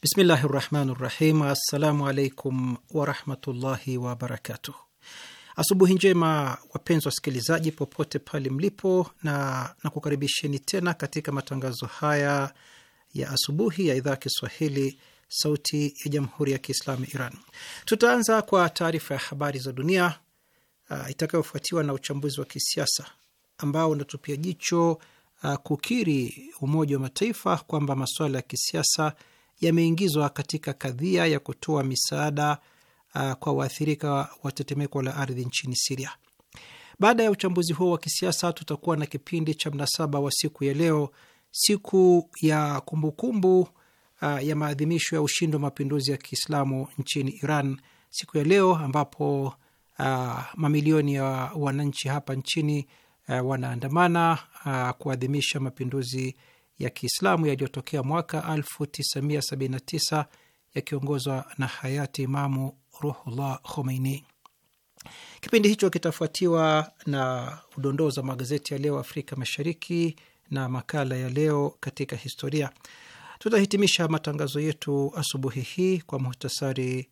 Bismillahi rahmani rahim. Assalamu alaikum warahmatullahi wabarakatuh. Asubuhi njema wapenzi wasikilizaji, popote pale mlipo, na nakukaribisheni tena katika matangazo haya ya asubuhi ya idhaa ya Kiswahili sauti ya jamhuri ya Kiislamu Iran. Tutaanza kwa taarifa ya habari za dunia uh, itakayofuatiwa na uchambuzi wa kisiasa ambao unatupia jicho uh, kukiri Umoja wa Mataifa kwamba masuala ya kisiasa yameingizwa katika kadhia ya kutoa misaada uh, kwa waathirika wa tetemeko la ardhi nchini Siria. Baada ya uchambuzi huo wa kisiasa, tutakuwa na kipindi cha mnasaba wa siku ya leo, siku ya kumbukumbu uh, ya maadhimisho ya ushindi wa mapinduzi ya Kiislamu nchini Iran, siku ya leo ambapo uh, mamilioni ya wananchi hapa nchini uh, wanaandamana uh, kuadhimisha mapinduzi ya Kiislamu yaliyotokea mwaka 1979 yakiongozwa na hayati Imamu Ruhullah Khomeini. Kipindi hicho kitafuatiwa na udondoo za magazeti ya leo Afrika Mashariki na makala ya leo katika historia. Tutahitimisha matangazo yetu asubuhi hii kwa muhtasari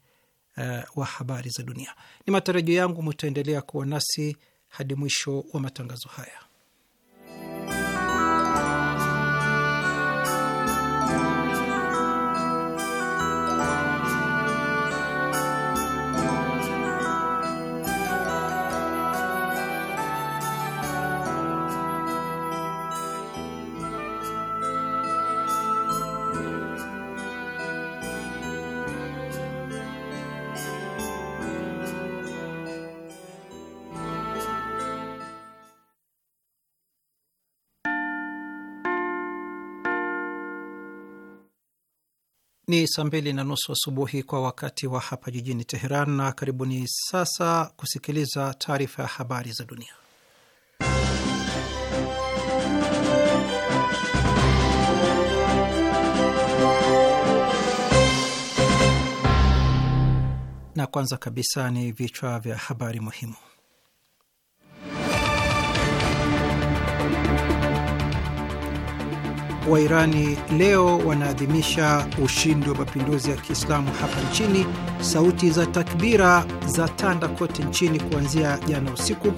uh, wa habari za dunia. Ni matarajio yangu mutaendelea kuwa nasi hadi mwisho wa matangazo haya. ni saa mbili na nusu asubuhi kwa wakati wa hapa jijini Teheran, na karibuni sasa kusikiliza taarifa ya habari za dunia. Na kwanza kabisa ni vichwa vya habari muhimu. Wairani leo wanaadhimisha ushindi wa mapinduzi ya Kiislamu hapa nchini. Sauti za takbira za tanda kote nchini kuanzia jana usiku.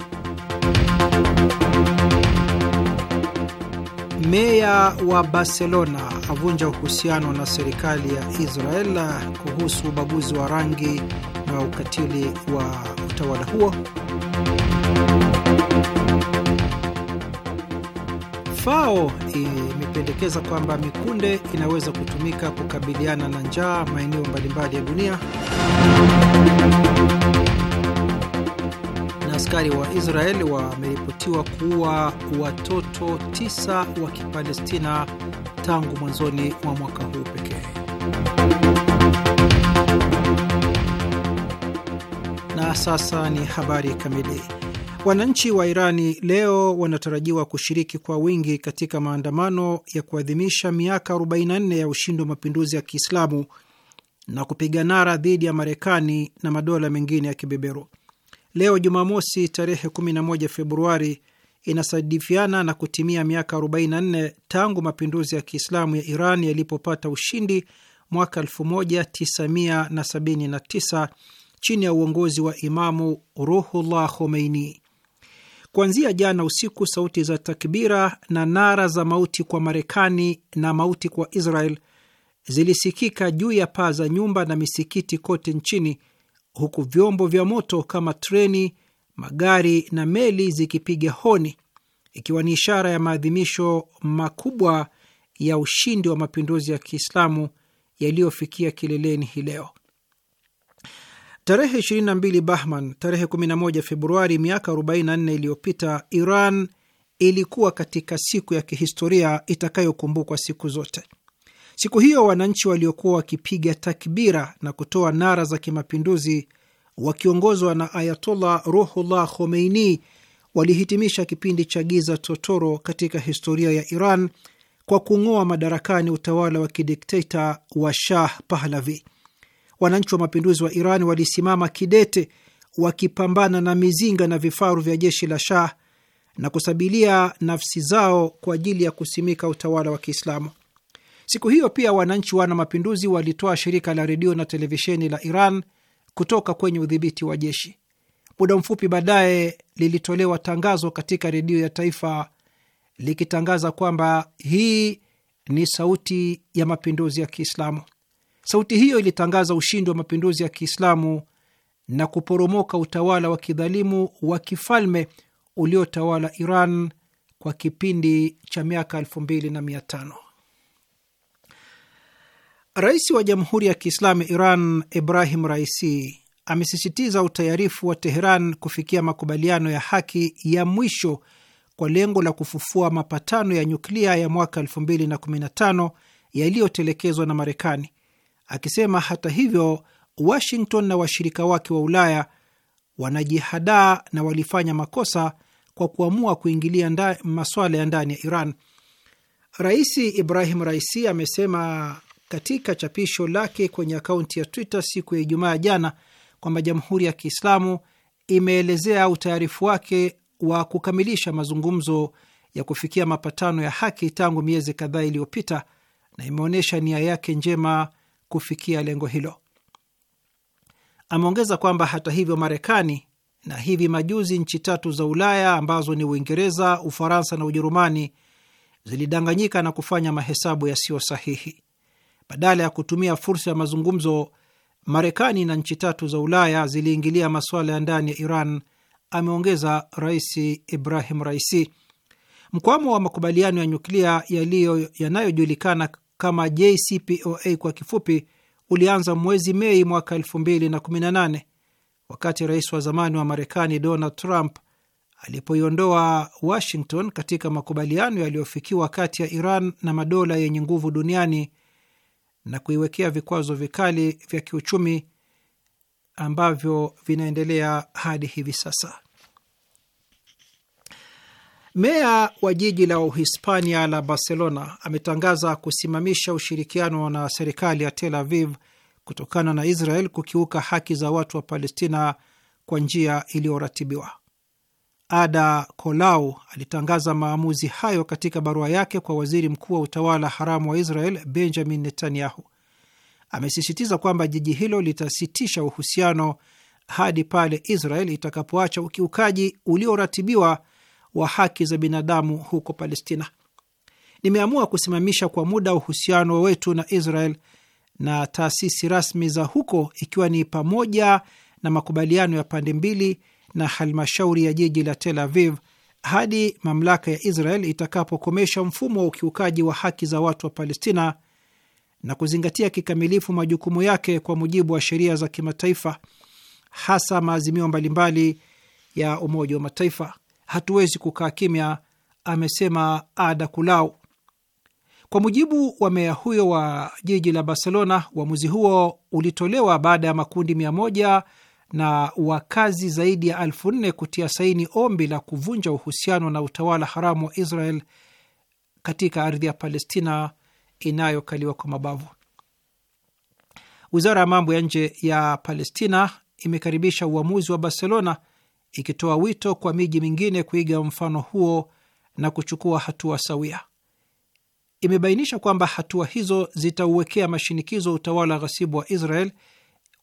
Meya wa Barcelona avunja uhusiano na serikali ya Israel kuhusu ubaguzi wa rangi na ukatili wa utawala huo. FAO imependekeza kwamba mikunde inaweza kutumika kukabiliana na njaa maeneo mbalimbali ya dunia. Na askari wa Israeli wameripotiwa kuua watoto tisa wa Kipalestina tangu mwanzoni mwa mwaka huu pekee. Na sasa ni habari kamili. Wananchi wa Irani leo wanatarajiwa kushiriki kwa wingi katika maandamano ya kuadhimisha miaka 44 ya ushindi wa mapinduzi ya Kiislamu na kupiga nara dhidi ya Marekani na madola mengine ya kibeberu. Leo Jumamosi tarehe 11 Februari inasadifiana na kutimia miaka 44 tangu mapinduzi ya Kiislamu ya Iran yalipopata ushindi mwaka 1979 chini ya uongozi wa Imamu Ruhullah Khomeini. Kuanzia jana usiku, sauti za takbira na nara za mauti kwa Marekani na mauti kwa Israel zilisikika juu ya paa za nyumba na misikiti kote nchini, huku vyombo vya moto kama treni, magari na meli zikipiga honi, ikiwa ni ishara ya maadhimisho makubwa ya ushindi wa mapinduzi ya Kiislamu yaliyofikia kileleni hii leo. Tarehe 22 Bahman, tarehe 11 Februari miaka 44 iliyopita, Iran ilikuwa katika siku ya kihistoria itakayokumbukwa siku zote. Siku hiyo wananchi waliokuwa wakipiga takbira na kutoa nara za kimapinduzi wakiongozwa na Ayatollah Ruhullah Khomeini walihitimisha kipindi cha giza totoro katika historia ya Iran kwa kung'oa madarakani utawala wa kidikteta wa Shah Pahlavi wananchi wa mapinduzi wa Iran walisimama kidete wakipambana na mizinga na vifaru vya jeshi la Shah na kusabilia nafsi zao kwa ajili ya kusimika utawala wa Kiislamu. Siku hiyo pia wananchi wana mapinduzi walitoa shirika la redio na televisheni la Iran kutoka kwenye udhibiti wa jeshi. Muda mfupi baadaye lilitolewa tangazo katika redio ya taifa likitangaza kwamba hii ni sauti ya mapinduzi ya Kiislamu. Sauti hiyo ilitangaza ushindi wa mapinduzi ya Kiislamu na kuporomoka utawala wa kidhalimu wa kifalme uliotawala Iran kwa kipindi cha miaka elfu mbili na mia tano. Rais wa Jamhuri ya Kiislamu Iran Ibrahim Raisi amesisitiza utayarifu wa Teheran kufikia makubaliano ya haki ya mwisho kwa lengo la kufufua mapatano ya nyuklia ya mwaka 2015 yaliyotelekezwa na Marekani akisema hata hivyo, Washington na washirika wake wa Ulaya wanajihadaa na walifanya makosa kwa kuamua kuingilia maswala masuala ya ndani ya Iran. Rais Ibrahim Raisi amesema katika chapisho lake kwenye akaunti ya Twitter siku ya Ijumaa jana kwamba Jamhuri ya Kiislamu imeelezea utayarifu wake wa kukamilisha mazungumzo ya kufikia mapatano ya haki tangu miezi kadhaa iliyopita na imeonyesha nia yake njema kufikia lengo hilo. Ameongeza kwamba hata hivyo, Marekani na hivi majuzi nchi tatu za Ulaya ambazo ni Uingereza, Ufaransa na Ujerumani zilidanganyika na kufanya mahesabu yasiyo sahihi. Badala ya kutumia fursa ya mazungumzo, Marekani na nchi tatu za Ulaya ziliingilia masuala ya ndani ya Iran, ameongeza Rais Ibrahim Raisi. Mkwamo wa makubaliano ya nyuklia yanayojulikana kama JCPOA kwa kifupi ulianza mwezi Mei mwaka 2018 wakati rais wa zamani wa Marekani Donald Trump alipoiondoa Washington katika makubaliano yaliyofikiwa kati ya Iran na madola yenye nguvu duniani na kuiwekea vikwazo vikali vya kiuchumi ambavyo vinaendelea hadi hivi sasa. Meya wa jiji la Uhispania la Barcelona ametangaza kusimamisha ushirikiano na serikali ya Tel Aviv kutokana na Israel kukiuka haki za watu wa Palestina kwa njia iliyoratibiwa. Ada Colau alitangaza maamuzi hayo katika barua yake kwa waziri mkuu wa utawala haramu wa Israel Benjamin Netanyahu. Amesisitiza kwamba jiji hilo litasitisha uhusiano hadi pale Israel itakapoacha ukiukaji ulioratibiwa wa haki za binadamu huko Palestina. Nimeamua kusimamisha kwa muda uhusiano wetu na Israel na taasisi rasmi za huko, ikiwa ni pamoja na makubaliano ya pande mbili na halmashauri ya jiji la Tel Aviv hadi mamlaka ya Israel itakapokomesha mfumo wa ukiukaji wa haki za watu wa Palestina na kuzingatia kikamilifu majukumu yake kwa mujibu wa sheria za kimataifa, hasa maazimio mbalimbali ya Umoja wa Mataifa hatuwezi kukaa kimya, amesema Ada kulau Kwa mujibu wa meya huyo wa jiji la Barcelona, uamuzi huo ulitolewa baada ya makundi mia moja na wakazi zaidi ya elfu nne kutia saini ombi la kuvunja uhusiano na utawala haramu wa Israel katika ardhi ya Palestina inayokaliwa kwa mabavu. Wizara ya mambo ya nje ya Palestina imekaribisha uamuzi wa Barcelona ikitoa wito kwa miji mingine kuiga mfano huo na kuchukua hatua sawia. Imebainisha kwamba hatua hizo zitauwekea mashinikizo utawala ghasibu wa Israel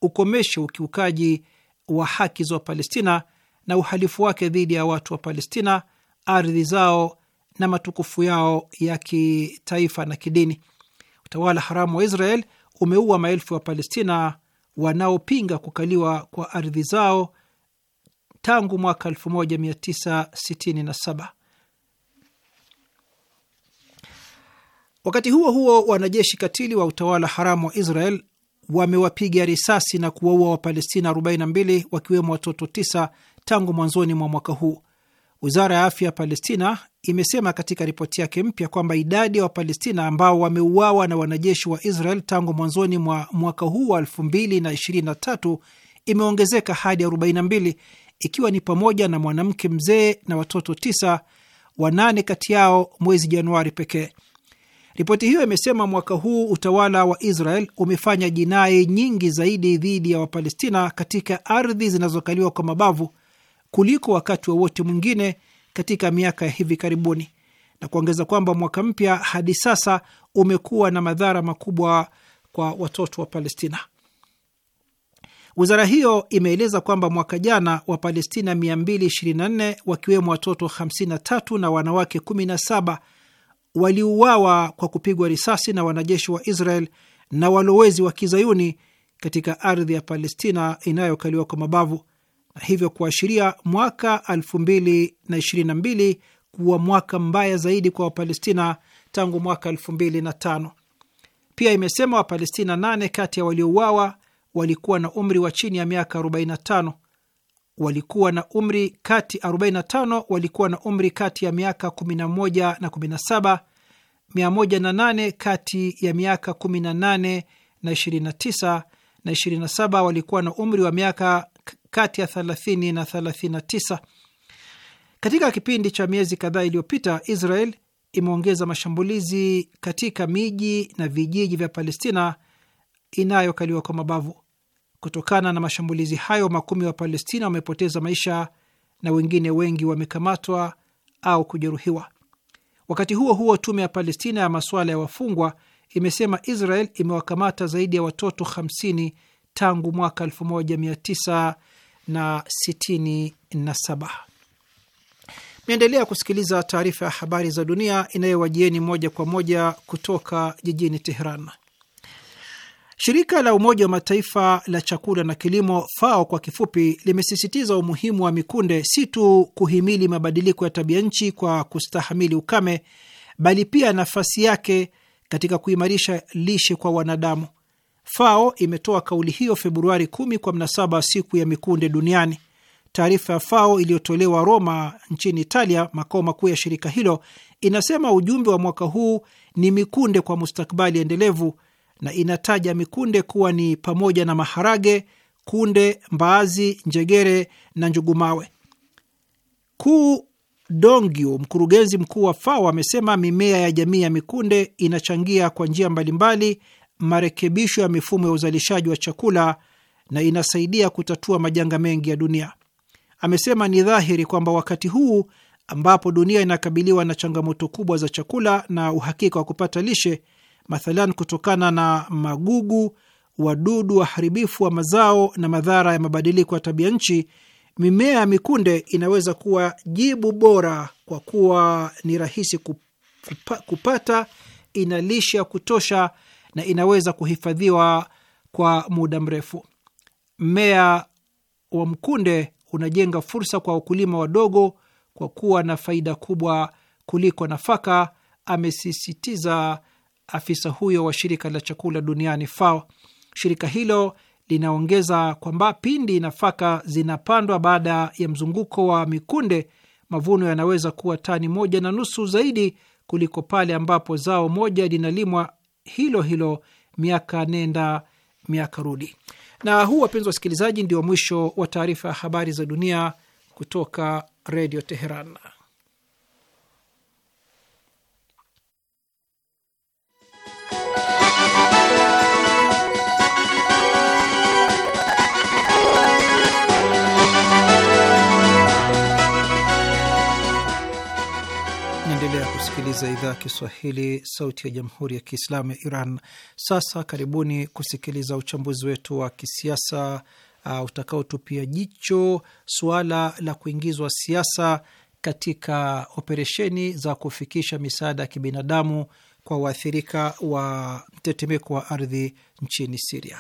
ukomeshe ukiukaji wa haki za Wapalestina na uhalifu wake dhidi ya watu wa Palestina, ardhi zao na matukufu yao ya kitaifa na kidini. Utawala haramu wa Israel umeua maelfu ya palestina wanaopinga kukaliwa kwa ardhi zao tangu mwaka 1967. Wakati huo huo, wanajeshi katili wa utawala haramu wa Israel wamewapiga risasi na kuwaua Wapalestina 42 wakiwemo watoto 9 tangu mwanzoni mwa mwaka huu. Wizara ya afya ya Palestina imesema katika ripoti yake mpya kwamba idadi ya wa Wapalestina ambao wameuawa na wanajeshi wa Israel tangu mwanzoni mwa mwaka huu wa 2023 imeongezeka hadi ikiwa ni pamoja na mwanamke mzee na watoto tisa, wanane kati yao mwezi Januari pekee. Ripoti hiyo imesema mwaka huu utawala wa Israel umefanya jinai nyingi zaidi dhidi ya Wapalestina katika ardhi zinazokaliwa kwa mabavu kuliko wakati wowote wa mwingine katika miaka ya hivi karibuni, na kuongeza kwamba mwaka mpya hadi sasa umekuwa na madhara makubwa kwa watoto wa Palestina. Wizara hiyo imeeleza kwamba mwaka jana Wapalestina 224 wakiwemo watoto 53 na wanawake 17 waliuawa kwa kupigwa risasi na wanajeshi wa Israel na walowezi wa kizayuni katika ardhi ya Palestina inayokaliwa kwa mabavu na hivyo kuashiria mwaka 2022 kuwa mwaka mbaya zaidi kwa Wapalestina tangu mwaka 2005. Pia imesema Wapalestina 8 kati ya waliouawa walikuwa na umri wa chini ya miaka 45 walikuwa na umri kati 45 walikuwa na umri kati ya miaka 11 na 17, 108 kati ya miaka 18 na 29 na 27 walikuwa na umri wa miaka kati ya 30 na 39. Katika kipindi cha miezi kadhaa iliyopita, Israel imeongeza mashambulizi katika miji na vijiji vya Palestina inayokaliwa kwa mabavu. Kutokana na mashambulizi hayo, makumi wa Palestina wamepoteza maisha na wengine wengi wamekamatwa au kujeruhiwa. Wakati huo huo, tume ya Palestina ya masuala ya wafungwa imesema Israel imewakamata zaidi ya watoto 50 tangu mwaka 1967. Naendelea kusikiliza taarifa ya habari za dunia inayowajieni moja kwa moja kutoka jijini Teheran. Shirika la Umoja wa Mataifa la chakula na kilimo, FAO kwa kifupi, limesisitiza umuhimu wa mikunde si tu kuhimili mabadiliko ya tabia nchi kwa kustahamili ukame, bali pia nafasi yake katika kuimarisha lishe kwa wanadamu. FAO imetoa kauli hiyo Februari 10 kwa mnasaba siku ya mikunde duniani. Taarifa ya FAO iliyotolewa Roma nchini Italia, makao makuu ya shirika hilo, inasema ujumbe wa mwaka huu ni mikunde kwa mustakabali endelevu na inataja mikunde kuwa ni pamoja na maharage, kunde, mbaazi, njegere na njugumawe. Ku Dongyu, mkurugenzi mkuu wa FAO, amesema mimea ya jamii ya mikunde inachangia kwa njia mbalimbali marekebisho ya mifumo ya uzalishaji wa chakula na inasaidia kutatua majanga mengi ya dunia. Amesema ni dhahiri kwamba wakati huu ambapo dunia inakabiliwa na changamoto kubwa za chakula na uhakika wa kupata lishe mathalan kutokana na magugu, wadudu waharibifu wa mazao na madhara ya mabadiliko ya tabia nchi, mimea ya mikunde inaweza kuwa jibu bora kwa kuwa ni rahisi kupata, ina lishe ya kutosha na inaweza kuhifadhiwa kwa muda mrefu. Mmea wa mkunde unajenga fursa kwa wakulima wadogo kwa kuwa na faida kubwa kuliko nafaka, amesisitiza afisa huyo wa shirika la chakula duniani FAO. Shirika hilo linaongeza kwamba pindi nafaka zinapandwa baada ya mzunguko wa mikunde, mavuno yanaweza kuwa tani moja na nusu zaidi kuliko pale ambapo zao moja linalimwa hilo hilo miaka nenda miaka rudi. Na huu, wapenzi wasikilizaji, ndio mwisho wa taarifa ya habari za dunia kutoka Redio Teheran. kusikiliza idhaa ya Kiswahili, sauti ya jamhuri ya kiislamu ya Iran. Sasa karibuni kusikiliza uchambuzi wetu wa kisiasa uh, utakaotupia jicho suala la kuingizwa siasa katika operesheni za kufikisha misaada ya kibinadamu kwa waathirika wa mtetemeko wa ardhi nchini Siria.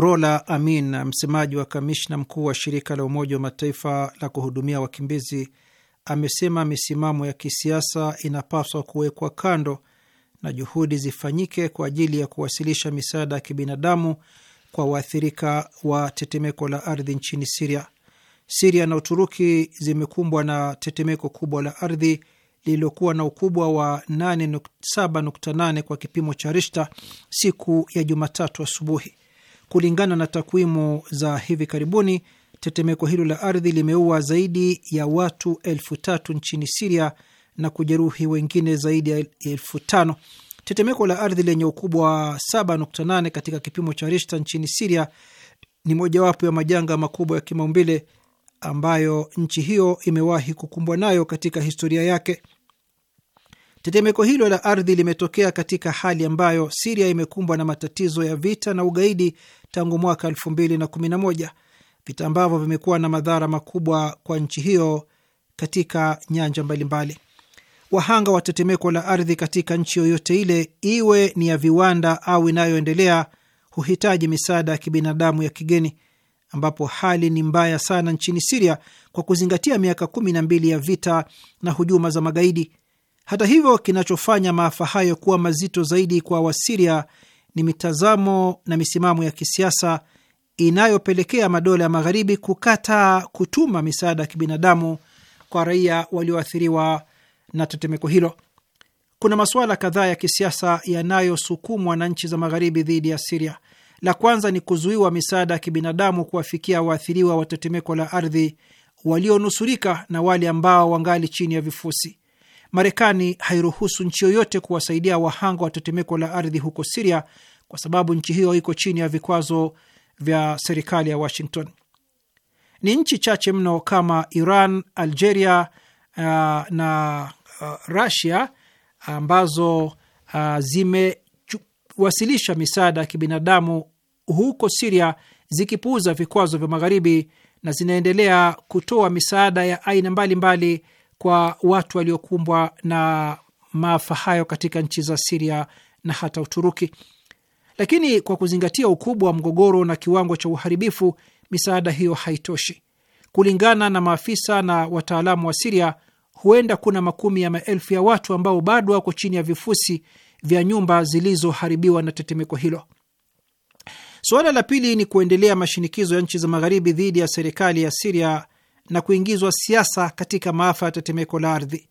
Rola Amin, msemaji wa kamishna mkuu wa shirika la Umoja wa Mataifa la kuhudumia wakimbizi, amesema misimamo ya kisiasa inapaswa kuwekwa kando na juhudi zifanyike kwa ajili ya kuwasilisha misaada ya kibinadamu kwa waathirika wa tetemeko la ardhi nchini Siria. Siria na Uturuki zimekumbwa na tetemeko kubwa la ardhi lililokuwa na ukubwa wa 7.8 kwa kipimo cha Rishta siku ya Jumatatu asubuhi. Kulingana na takwimu za hivi karibuni, tetemeko hilo la ardhi limeua zaidi ya watu elfu tatu nchini Siria na kujeruhi wengine zaidi ya elfu tano. Tetemeko la ardhi lenye ukubwa wa 7.8 katika kipimo cha rishta nchini Siria ni mojawapo ya majanga makubwa ya kimaumbile ambayo nchi hiyo imewahi kukumbwa nayo katika historia yake. Tetemeko hilo la ardhi limetokea katika hali ambayo Siria imekumbwa na matatizo ya vita na ugaidi tangu mwaka 2011, vita ambavyo vimekuwa na madhara makubwa kwa nchi hiyo katika nyanja mbalimbali. Wahanga wa tetemeko la ardhi katika nchi yoyote ile, iwe ni ya viwanda au inayoendelea, huhitaji misaada ya kibinadamu ya kigeni, ambapo hali ni mbaya sana nchini Siria kwa kuzingatia miaka kumi na mbili ya vita na hujuma za magaidi hata hivyo, kinachofanya maafa hayo kuwa mazito zaidi kwa Wasiria ni mitazamo na misimamo ya kisiasa inayopelekea madola ya magharibi kukata kutuma misaada ya kibinadamu kwa raia walioathiriwa na tetemeko hilo. Kuna masuala kadhaa ya kisiasa yanayosukumwa na nchi za magharibi dhidi ya Siria. La kwanza ni kuzuiwa misaada ya kibinadamu kuwafikia waathiriwa wa tetemeko la ardhi walionusurika na wale ambao wangali chini ya vifusi. Marekani hairuhusu nchi yoyote kuwasaidia wahanga wa tetemeko la ardhi huko Siria kwa sababu nchi hiyo iko chini ya vikwazo vya serikali ya Washington. Ni nchi chache mno kama Iran, Algeria uh, na uh, Rusia ambazo uh, zimewasilisha misaada ya kibinadamu huko Siria zikipuuza vikwazo vya Magharibi na zinaendelea kutoa misaada ya aina mbalimbali mbali kwa watu waliokumbwa na maafa hayo katika nchi za Siria na hata Uturuki. Lakini kwa kuzingatia ukubwa wa mgogoro na kiwango cha uharibifu, misaada hiyo haitoshi. Kulingana na maafisa na wataalamu wa Siria, huenda kuna makumi ya maelfu ya watu ambao bado wako chini ya vifusi vya nyumba zilizoharibiwa na tetemeko hilo. Suala la pili ni kuendelea mashinikizo ya nchi za Magharibi dhidi ya serikali ya Siria na kuingizwa siasa katika maafa ya tetemeko la ardhi.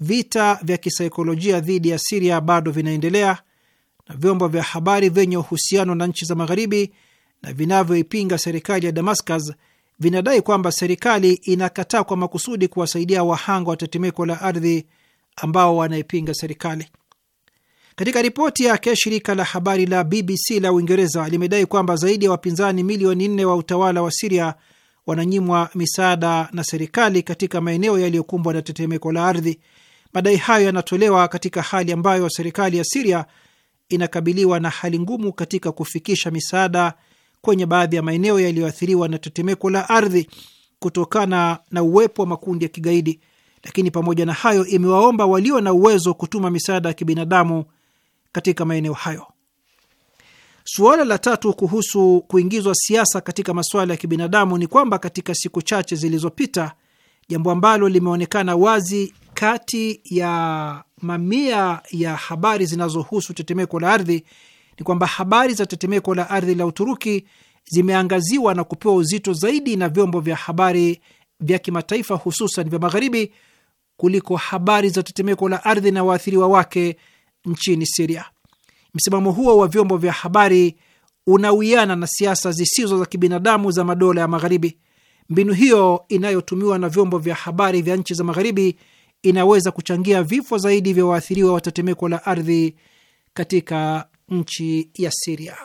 Vita vya kisaikolojia dhidi ya Siria bado vinaendelea na vyombo vya habari vyenye uhusiano na nchi za Magharibi na vinavyoipinga serikali ya Damascus vinadai kwamba serikali inakataa kwa makusudi kuwasaidia wahanga wa tetemeko la ardhi ambao wanaipinga serikali. Katika ripoti yake, shirika la habari la BBC la Uingereza limedai kwamba zaidi ya wapinzani milioni nne wa utawala wa Siria wananyimwa misaada na serikali katika maeneo yaliyokumbwa na tetemeko la ardhi. Madai hayo yanatolewa katika hali ambayo serikali ya Siria inakabiliwa na hali ngumu katika kufikisha misaada kwenye baadhi ya maeneo yaliyoathiriwa na tetemeko la ardhi kutokana na uwepo wa makundi ya kigaidi, lakini pamoja na hayo imewaomba walio na uwezo kutuma misaada ya kibinadamu katika maeneo hayo. Suala la tatu kuhusu kuingizwa siasa katika masuala ya kibinadamu ni kwamba katika siku chache zilizopita, jambo ambalo limeonekana wazi kati ya mamia ya habari zinazohusu tetemeko la ardhi ni kwamba habari za tetemeko la ardhi la Uturuki zimeangaziwa na kupewa uzito zaidi na vyombo vya habari vya kimataifa, hususan vya Magharibi, kuliko habari za tetemeko la ardhi na waathiriwa wake nchini Siria. Msimamo huo wa vyombo vya habari unawiana na siasa zisizo za kibinadamu za madola ya Magharibi. Mbinu hiyo inayotumiwa na vyombo vya habari vya nchi za Magharibi inaweza kuchangia vifo zaidi vya waathiriwa wa tetemeko la ardhi katika nchi ya Siria.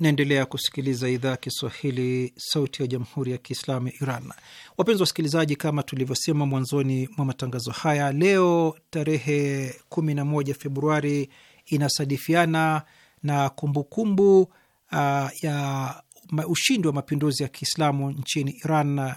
Naendelea kusikiliza idhaa ya Kiswahili, sauti ya jamhuri ya kiislamu ya Iran. Wapenzi wasikilizaji, kama tulivyosema mwanzoni mwa matangazo haya, leo tarehe 11 Februari inasadifiana na kumbukumbu kumbu, uh, ya ushindi wa mapinduzi ya kiislamu nchini Iran. Uh,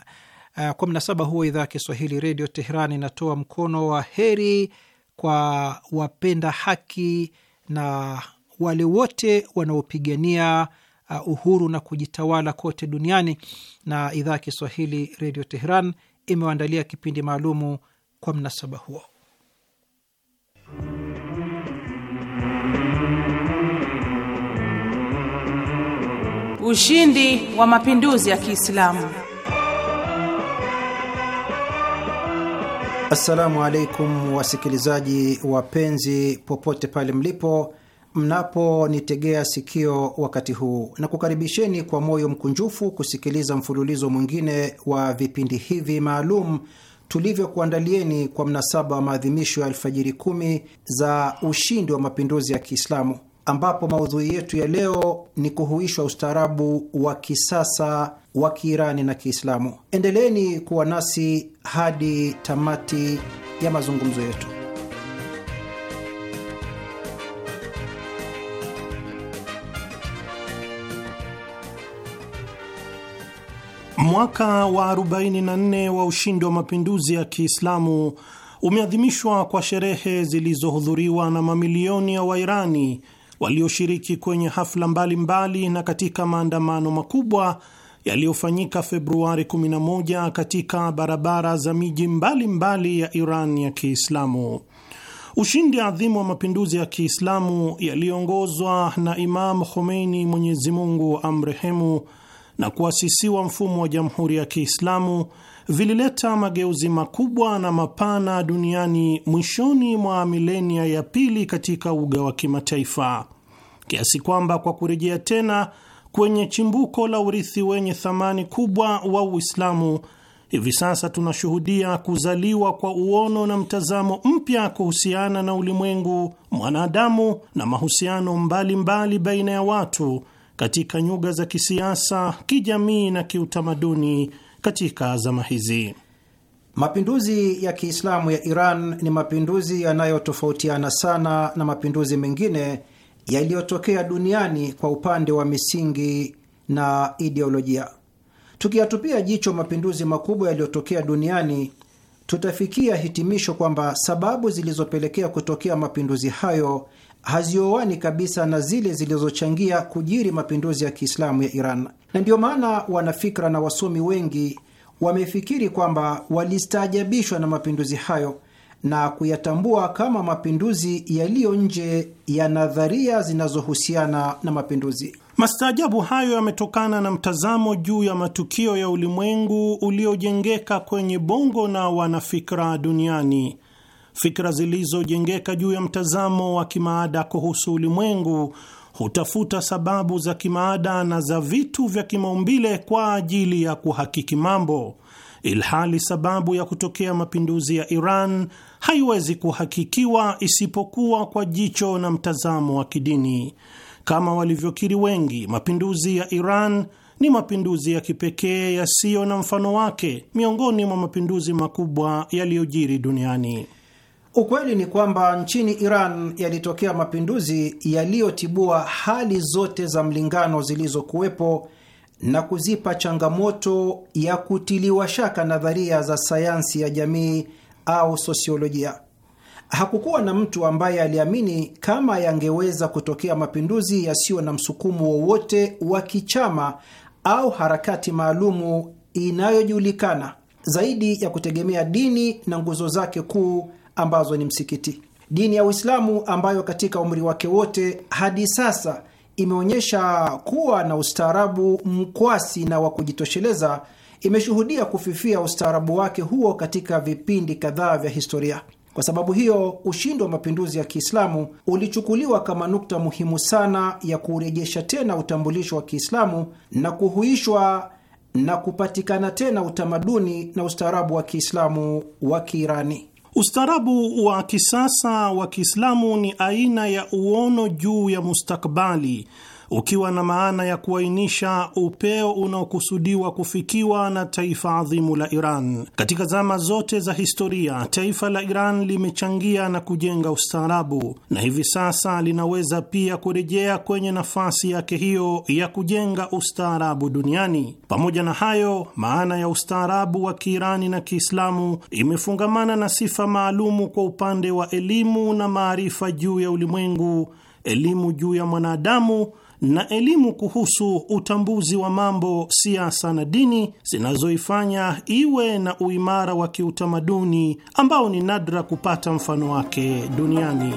kwa mnasaba huo, idhaa ya Kiswahili redio Teheran inatoa mkono wa heri kwa wapenda haki na wale wote wanaopigania uh, uhuru na kujitawala kote duniani, na idhaa ya Kiswahili Redio Teheran imewaandalia kipindi maalumu kwa mnasaba huo. Ushindi wa mapinduzi ya Kiislamu. Assalamu alaikum wasikilizaji wapenzi, popote pale mlipo mnaponitegea sikio wakati huu na kukaribisheni kwa moyo mkunjufu kusikiliza mfululizo mwingine wa vipindi hivi maalum tulivyokuandalieni kwa mnasaba wa maadhimisho ya alfajiri kumi za ushindi wa mapinduzi ya Kiislamu, ambapo maudhui yetu ya leo ni kuhuishwa ustaarabu wa kisasa wa Kiirani na Kiislamu. Endeleeni kuwa nasi hadi tamati ya mazungumzo yetu. Mwaka wa 44 wa ushindi wa mapinduzi ya Kiislamu umeadhimishwa kwa sherehe zilizohudhuriwa na mamilioni ya Wairani walioshiriki kwenye hafla mbalimbali mbali na katika maandamano makubwa yaliyofanyika Februari 11 katika barabara za miji mbalimbali ya Iran ya Kiislamu. Ushindi adhimu wa mapinduzi ya Kiislamu yaliyoongozwa na Imam Khomeini, Mwenyezi Mungu amrehemu na kuasisiwa mfumo wa Jamhuri ya Kiislamu vilileta mageuzi makubwa na mapana duniani mwishoni mwa milenia ya pili katika uga wa kimataifa, kiasi kwamba kwa kurejea tena kwenye chimbuko la urithi wenye thamani kubwa wa Uislamu, hivi sasa tunashuhudia kuzaliwa kwa uono na mtazamo mpya kuhusiana na ulimwengu, mwanadamu na mahusiano mbalimbali baina ya watu katika nyuga za kisiasa, kijamii na kiutamaduni katika zama hizi. Mapinduzi ya Kiislamu ya Iran ni mapinduzi yanayotofautiana sana na mapinduzi mengine yaliyotokea duniani kwa upande wa misingi na ideolojia. Tukiyatupia jicho mapinduzi makubwa yaliyotokea duniani, tutafikia hitimisho kwamba sababu zilizopelekea kutokea mapinduzi hayo hazioani kabisa na zile zilizochangia kujiri mapinduzi ya Kiislamu ya Iran, na ndiyo maana wanafikra na wasomi wengi wamefikiri kwamba walistaajabishwa na mapinduzi hayo na kuyatambua kama mapinduzi yaliyo nje ya nadharia zinazohusiana na mapinduzi. Mastaajabu hayo yametokana na mtazamo juu ya matukio ya ulimwengu uliojengeka kwenye bongo na wanafikra duniani Fikra zilizojengeka juu ya mtazamo wa kimaada kuhusu ulimwengu hutafuta sababu za kimaada na za vitu vya kimaumbile kwa ajili ya kuhakiki mambo, ilhali sababu ya kutokea mapinduzi ya Iran haiwezi kuhakikiwa isipokuwa kwa jicho na mtazamo wa kidini. Kama walivyokiri wengi, mapinduzi ya Iran ni mapinduzi ya kipekee yasiyo na mfano wake miongoni mwa mapinduzi makubwa yaliyojiri duniani. Ukweli ni kwamba nchini Iran yalitokea mapinduzi yaliyotibua hali zote za mlingano zilizokuwepo na kuzipa changamoto ya kutiliwa shaka nadharia za sayansi ya jamii au sosiolojia. Hakukuwa na mtu ambaye aliamini kama yangeweza kutokea mapinduzi yasiyo na msukumo wowote wa kichama au harakati maalumu inayojulikana zaidi ya kutegemea dini na nguzo zake kuu ambazo ni msikiti. Dini ya Uislamu ambayo katika umri wake wote hadi sasa imeonyesha kuwa na ustaarabu mkwasi na wa kujitosheleza, imeshuhudia kufifia ustaarabu wake huo katika vipindi kadhaa vya historia. Kwa sababu hiyo, ushindi wa mapinduzi ya Kiislamu ulichukuliwa kama nukta muhimu sana ya kurejesha tena utambulisho wa Kiislamu na kuhuishwa na kupatikana tena utamaduni na ustaarabu wa Kiislamu wa Kiirani. Ustaarabu wa kisasa wa Kiislamu ni aina ya uono juu ya mustakbali ukiwa na maana ya kuainisha upeo unaokusudiwa kufikiwa na taifa adhimu la Iran. Katika zama zote za historia, taifa la Iran limechangia na kujenga ustaarabu, na hivi sasa linaweza pia kurejea kwenye nafasi yake hiyo ya kujenga ustaarabu duniani. Pamoja na hayo, maana ya ustaarabu wa Kiirani na Kiislamu imefungamana na sifa maalumu kwa upande wa elimu na maarifa juu ya ulimwengu, elimu juu ya mwanadamu na elimu kuhusu utambuzi wa mambo, siasa na dini zinazoifanya iwe na uimara wa kiutamaduni ambao ni nadra kupata mfano wake duniani.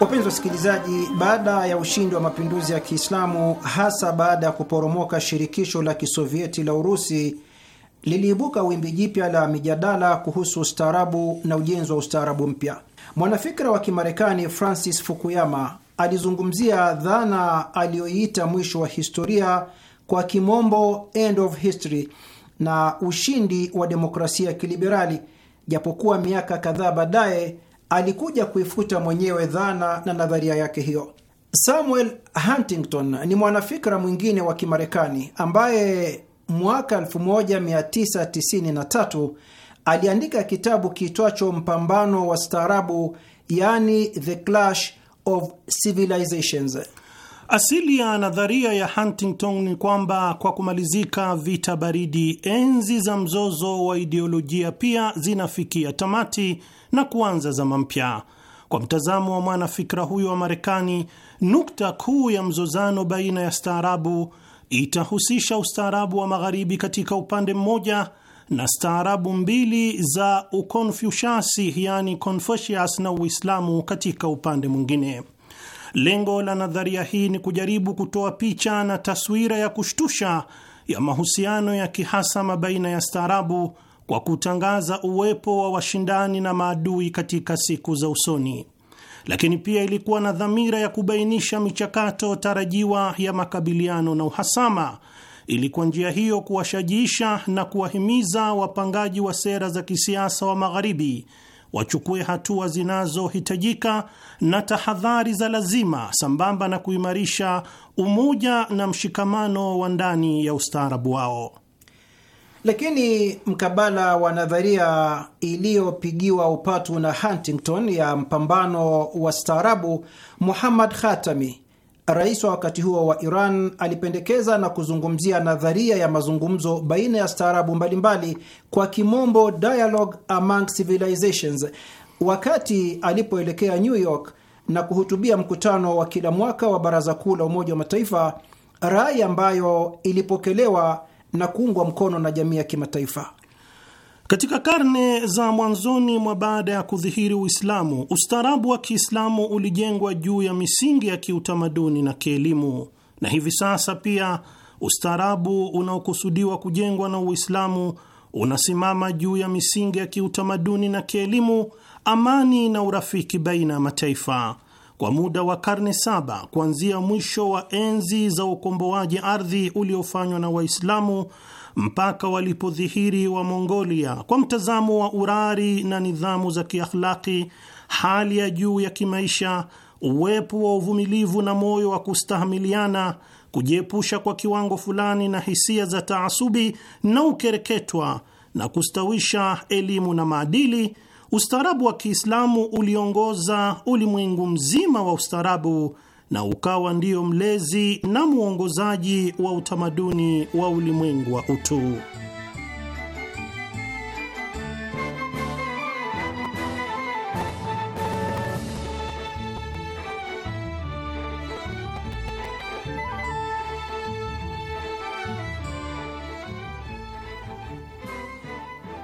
Wapenzi wasikilizaji, baada ya ushindi wa mapinduzi ya Kiislamu, hasa baada ya kuporomoka shirikisho la kisovieti la Urusi, liliibuka wimbi jipya la mijadala kuhusu ustaarabu na ujenzi wa ustaarabu mpya. mwanafikira wa Kimarekani Francis Fukuyama alizungumzia dhana aliyoiita mwisho wa historia, kwa kimombo end of history, na ushindi wa demokrasia ya kiliberali, japokuwa miaka kadhaa baadaye alikuja kuifuta mwenyewe dhana na nadharia yake hiyo. Samuel Huntington ni mwanafikra mwingine wa Kimarekani ambaye mwaka 1993 aliandika kitabu kiitwacho Mpambano wa Staarabu, yani The Clash of Civilizations. Asili ya nadharia ya Huntington ni kwamba kwa kumalizika vita baridi, enzi za mzozo wa ideolojia pia zinafikia tamati na kuanza zama mpya. Kwa mtazamo wa mwanafikra huyo wa Marekani, nukta kuu ya mzozano baina ya staarabu itahusisha ustaarabu wa magharibi katika upande mmoja na staarabu mbili za Ukonfushasi, yani Confucius na Uislamu katika upande mwingine. Lengo la nadharia hii ni kujaribu kutoa picha na taswira ya kushtusha ya mahusiano ya kihasama baina ya staarabu kwa kutangaza uwepo wa washindani na maadui katika siku za usoni, lakini pia ilikuwa na dhamira ya kubainisha michakato tarajiwa ya makabiliano na uhasama ili kwa njia hiyo kuwashajiisha na kuwahimiza wapangaji wa sera za kisiasa wa Magharibi wachukue hatua zinazohitajika na tahadhari za lazima, sambamba na kuimarisha umoja na mshikamano wa ndani ya ustaarabu wao. Lakini mkabala wa nadharia iliyopigiwa upatu na Huntington ya mpambano wa staarabu, Muhammad Khatami Rais wa wakati huo wa Iran alipendekeza na kuzungumzia nadharia ya mazungumzo baina ya staarabu mbalimbali, kwa kimombo dialogue among civilizations, wakati alipoelekea New York na kuhutubia mkutano wa kila mwaka wa Baraza Kuu la Umoja wa Mataifa, rai ambayo ilipokelewa na kuungwa mkono na jamii ya kimataifa. Katika karne za mwanzoni mwa baada ya kudhihiri Uislamu, ustaarabu wa Kiislamu ulijengwa juu ya misingi ya kiutamaduni na kielimu, na hivi sasa pia ustaarabu unaokusudiwa kujengwa na Uislamu unasimama juu ya misingi ya kiutamaduni na kielimu, amani na urafiki baina ya mataifa. Kwa muda wa karne saba kuanzia mwisho wa enzi za ukomboaji ardhi uliofanywa na Waislamu mpaka walipodhihiri wa Mongolia kwa mtazamo wa urari na nidhamu za kiakhlaki, hali ya juu ya kimaisha, uwepo wa uvumilivu na moyo wa kustahamiliana, kujiepusha kwa kiwango fulani na hisia za taasubi na ukereketwa, na kustawisha elimu na maadili. Ustaarabu wa Kiislamu uliongoza ulimwengu mzima wa ustaarabu na ukawa ndiyo mlezi na mwongozaji wa utamaduni wa ulimwengu wa utu.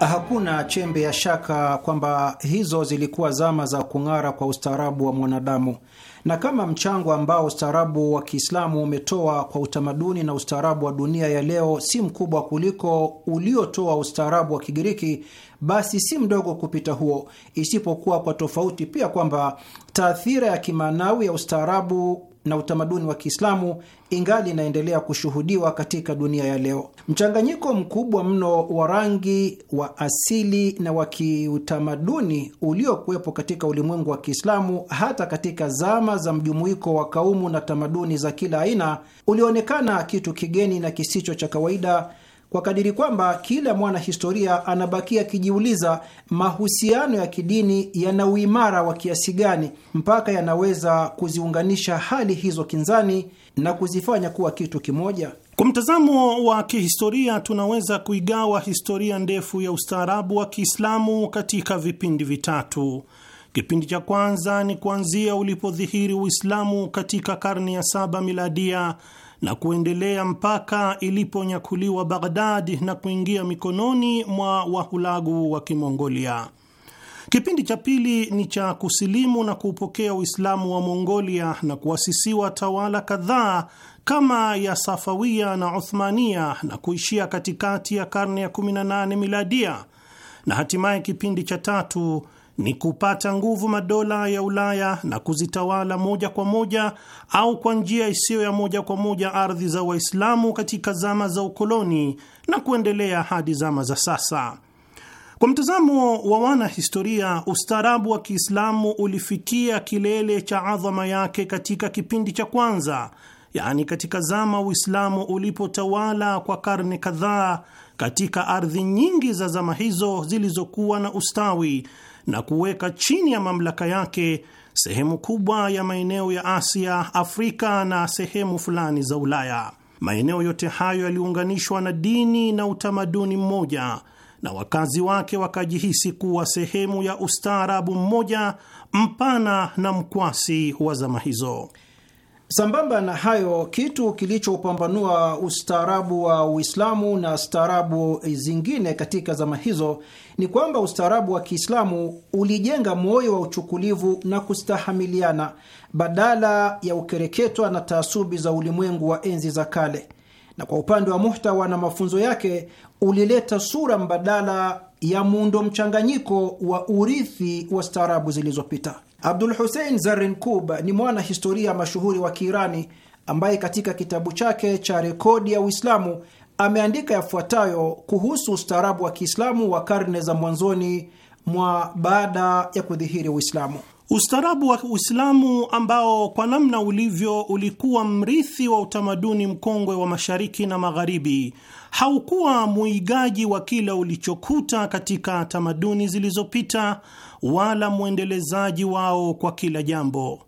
Hakuna chembe ya shaka kwamba hizo zilikuwa zama za kung'ara kwa ustaarabu wa mwanadamu na kama mchango ambao ustaarabu wa Kiislamu umetoa kwa utamaduni na ustaarabu wa dunia ya leo si mkubwa kuliko uliotoa ustaarabu wa Kigiriki, basi si mdogo kupita huo, isipokuwa kwa tofauti pia kwamba taathira ya kimaanawi ya ustaarabu na utamaduni wa Kiislamu ingali inaendelea kushuhudiwa katika dunia ya leo. Mchanganyiko mkubwa mno wa rangi wa asili na wa kiutamaduni uliokuwepo katika ulimwengu wa Kiislamu hata katika zama za mjumuiko wa kaumu na tamaduni za kila aina ulionekana kitu kigeni na kisicho cha kawaida kwa kadiri kwamba kila mwana historia anabakia akijiuliza mahusiano ya kidini yana uimara wa kiasi gani mpaka yanaweza kuziunganisha hali hizo kinzani na kuzifanya kuwa kitu kimoja. Kwa mtazamo wa kihistoria, tunaweza kuigawa historia ndefu ya ustaarabu wa Kiislamu katika vipindi vitatu. Kipindi cha kwanza ni kuanzia ulipodhihiri Uislamu katika karne ya saba miladia na kuendelea mpaka iliponyakuliwa Baghdad na kuingia mikononi mwa wahulagu wa Kimongolia. Kipindi cha pili ni cha kusilimu na kuupokea Uislamu wa Mongolia na kuasisiwa tawala kadhaa kama ya Safawia na Uthmania na kuishia katikati ya karne ya 18 miladia, na hatimaye kipindi cha tatu ni kupata nguvu madola ya Ulaya na kuzitawala moja kwa moja au kwa njia isiyo ya moja kwa moja ardhi za Waislamu katika zama za ukoloni na kuendelea hadi zama za sasa. Kwa mtazamo wa wanahistoria, ustaarabu wa Kiislamu ulifikia kilele cha adhama yake katika kipindi cha kwanza, yaani katika zama Uislamu ulipotawala kwa karne kadhaa katika ardhi nyingi za zama hizo zilizokuwa na ustawi na kuweka chini ya mamlaka yake sehemu kubwa ya maeneo ya Asia, Afrika na sehemu fulani za Ulaya. Maeneo yote hayo yaliunganishwa na dini na utamaduni mmoja, na wakazi wake wakajihisi kuwa sehemu ya ustaarabu mmoja mpana na mkwasi wa zama hizo. Sambamba na hayo, kitu kilichopambanua ustaarabu wa Uislamu na staarabu zingine katika zama hizo ni kwamba ustaarabu wa Kiislamu ulijenga moyo wa uchukulivu na kustahamiliana badala ya ukereketwa na taasubi za ulimwengu wa enzi za kale, na kwa upande wa muhtawa na mafunzo yake ulileta sura mbadala ya muundo mchanganyiko wa urithi wa staarabu zilizopita. Abdul Husein Zarinkub ni mwana historia mashuhuri wa Kiirani ambaye katika kitabu chake cha rekodi ya Uislamu ameandika yafuatayo kuhusu ustaarabu wa Kiislamu wa karne za mwanzoni mwa baada ya kudhihiri Uislamu. Ustaarabu wa Uislamu ambao kwa namna ulivyo ulikuwa mrithi wa utamaduni mkongwe wa mashariki na magharibi, haukuwa mwigaji wa kila ulichokuta katika tamaduni zilizopita wala mwendelezaji wao kwa kila jambo.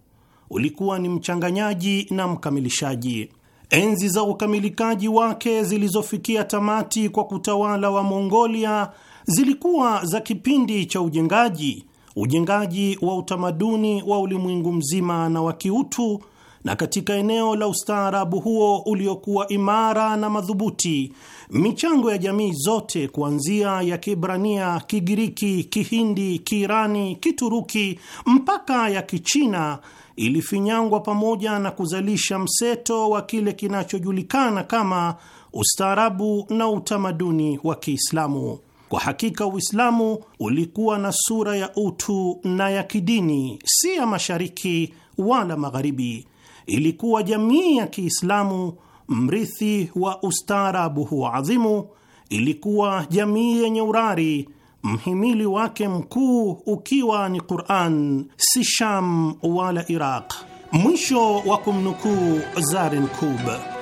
Ulikuwa ni mchanganyaji na mkamilishaji. Enzi za ukamilikaji wake zilizofikia tamati kwa kutawala wa Mongolia zilikuwa za kipindi cha ujengaji, ujengaji wa utamaduni wa ulimwengu mzima na wa kiutu na katika eneo la ustaarabu huo uliokuwa imara na madhubuti, michango ya jamii zote kuanzia ya kibrania Kigiriki, Kihindi, Kiirani, Kituruki mpaka ya Kichina ilifinyangwa pamoja na kuzalisha mseto wa kile kinachojulikana kama ustaarabu na utamaduni wa Kiislamu. Kwa hakika Uislamu ulikuwa na sura ya utu na ya kidini, si ya mashariki wala magharibi, ilikuwa jamii ya Kiislamu mrithi wa ustaarabu huo adhimu, ilikuwa jamii yenye urari, mhimili wake mkuu ukiwa ni Quran, si Sham wala Iraq. Mwisho wa kumnukuu Zarin Kub.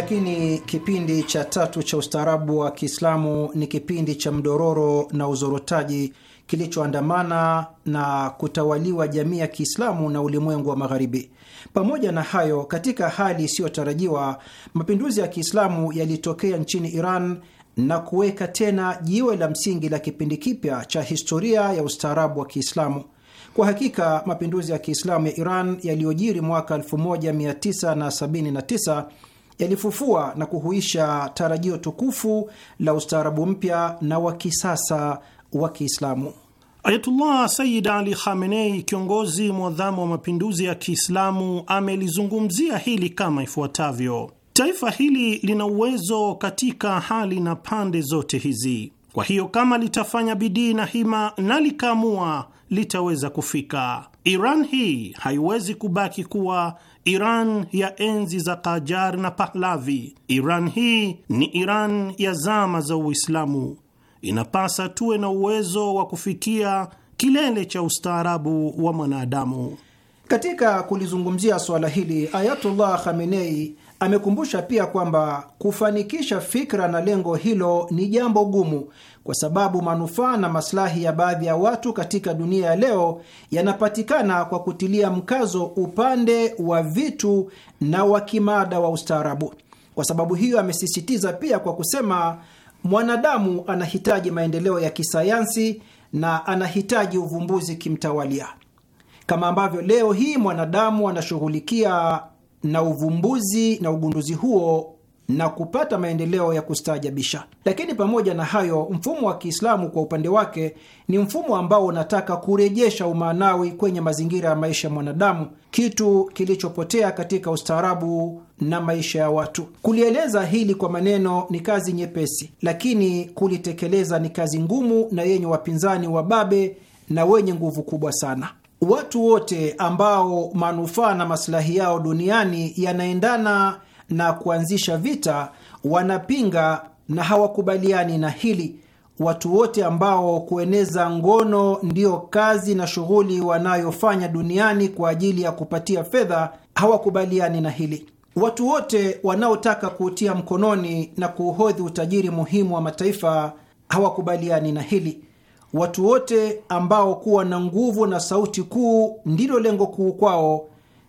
lakini kipindi cha tatu cha ustaarabu wa Kiislamu ni kipindi cha mdororo na uzorotaji kilichoandamana na kutawaliwa jamii ya Kiislamu na ulimwengu wa Magharibi. Pamoja na hayo, katika hali isiyotarajiwa, mapinduzi ya Kiislamu yalitokea nchini Iran na kuweka tena jiwe la msingi la kipindi kipya cha historia ya ustaarabu wa Kiislamu. Kwa hakika mapinduzi ya Kiislamu ya Iran yaliyojiri mwaka 1979 yalifufua na kuhuisha tarajio tukufu la ustaarabu mpya na wa kisasa wa Kiislamu. Ayatullah Sayyid Ali Khamenei, kiongozi mwadhamu wa mapinduzi ya Kiislamu, amelizungumzia hili kama ifuatavyo: taifa hili lina uwezo katika hali na pande zote hizi kwa hiyo kama litafanya bidii na hima na likaamua, litaweza kufika. Iran hii haiwezi kubaki kuwa Iran ya enzi za Kajar na Pahlavi. Iran hii ni Iran ya zama za Uislamu. Inapasa tuwe na uwezo wa kufikia kilele cha ustaarabu wa mwanadamu. Katika kulizungumzia swala hili, Ayatullah Khamenei Amekumbusha pia kwamba kufanikisha fikra na lengo hilo ni jambo gumu, kwa sababu manufaa na masilahi ya baadhi ya watu katika dunia ya leo yanapatikana kwa kutilia mkazo upande wa vitu na wa kimada wa ustaarabu. Kwa sababu hiyo, amesisitiza pia kwa kusema mwanadamu anahitaji maendeleo ya kisayansi na anahitaji uvumbuzi kimtawalia, kama ambavyo leo hii mwanadamu anashughulikia na uvumbuzi na ugunduzi huo na kupata maendeleo ya kustaajabisha. Lakini pamoja na hayo, mfumo wa Kiislamu kwa upande wake ni mfumo ambao unataka kurejesha umaanawi kwenye mazingira ya maisha ya mwanadamu, kitu kilichopotea katika ustaarabu na maisha ya watu. Kulieleza hili kwa maneno ni kazi nyepesi, lakini kulitekeleza ni kazi ngumu na yenye wapinzani wababe na wenye nguvu kubwa sana. Watu wote ambao manufaa na masilahi yao duniani yanaendana na kuanzisha vita wanapinga na hawakubaliani na hili. Watu wote ambao kueneza ngono ndiyo kazi na shughuli wanayofanya duniani kwa ajili ya kupatia fedha hawakubaliani na hili. Watu wote wanaotaka kuutia mkononi na kuuhodhi utajiri muhimu wa mataifa hawakubaliani na hili. Watu wote ambao kuwa na nguvu na sauti kuu ndilo lengo kuu kwao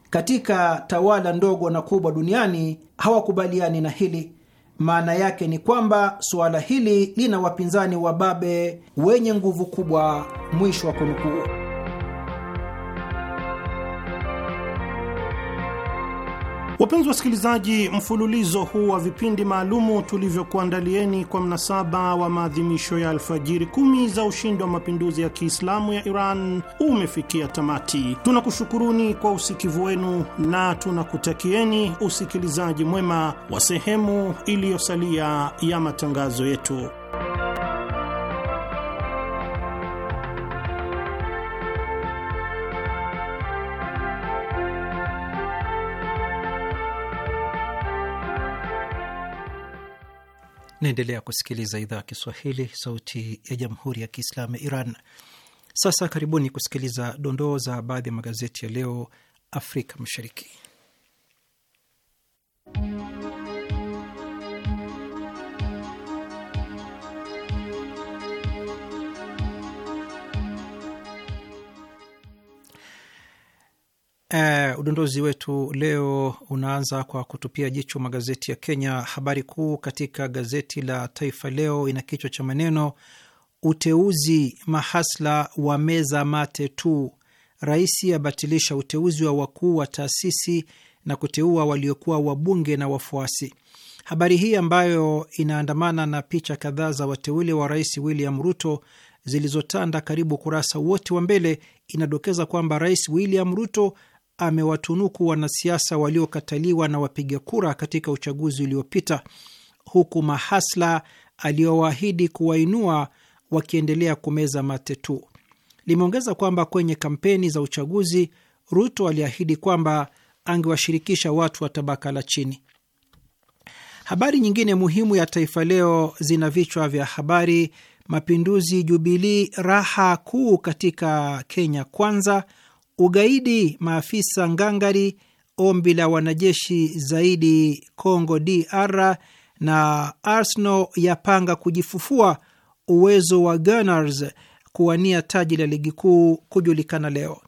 katika tawala ndogo na kubwa duniani hawakubaliani na hili. Maana yake ni kwamba suala hili lina wapinzani wababe wenye nguvu kubwa. Mwisho wa kunukuu. Wapenzi wasikilizaji, mfululizo huu wa vipindi maalumu tulivyokuandalieni kwa mnasaba wa maadhimisho ya alfajiri kumi za ushindi wa mapinduzi ya Kiislamu ya Iran umefikia tamati. Tunakushukuruni kwa usikivu wenu na tunakutakieni usikilizaji mwema wa sehemu iliyosalia ya matangazo yetu. Naendelea kusikiliza idhaa ya Kiswahili, sauti ya jamhuri ya kiislamu ya Iran. Sasa karibuni kusikiliza dondoo za baadhi ya magazeti ya leo Afrika Mashariki. Uh, udondozi wetu leo unaanza kwa kutupia jicho magazeti ya Kenya. Habari kuu katika gazeti la Taifa Leo ina kichwa cha maneno uteuzi mahasla wa meza mate tu, rais abatilisha uteuzi wa wakuu wa taasisi na kuteua waliokuwa wabunge na wafuasi. Habari hii ambayo inaandamana na picha kadhaa za wateule wa rais William Ruto zilizotanda karibu kurasa wote wa mbele inadokeza kwamba rais William Ruto amewatunuku wanasiasa waliokataliwa na wapiga kura katika uchaguzi uliopita, huku mahasla aliyowaahidi kuwainua wakiendelea kumeza mate tu. Limeongeza kwamba kwenye kampeni za uchaguzi, Ruto aliahidi kwamba angewashirikisha watu wa tabaka la chini. Habari nyingine muhimu ya Taifa Leo zina vichwa vya habari: Mapinduzi Jubilii raha kuu katika Kenya Kwanza, Ugaidi, maafisa ngangari, ombi la wanajeshi zaidi Congo DR na Arsenal yapanga kujifufua, uwezo wa Gunners kuwania taji la ligi kuu kujulikana leo.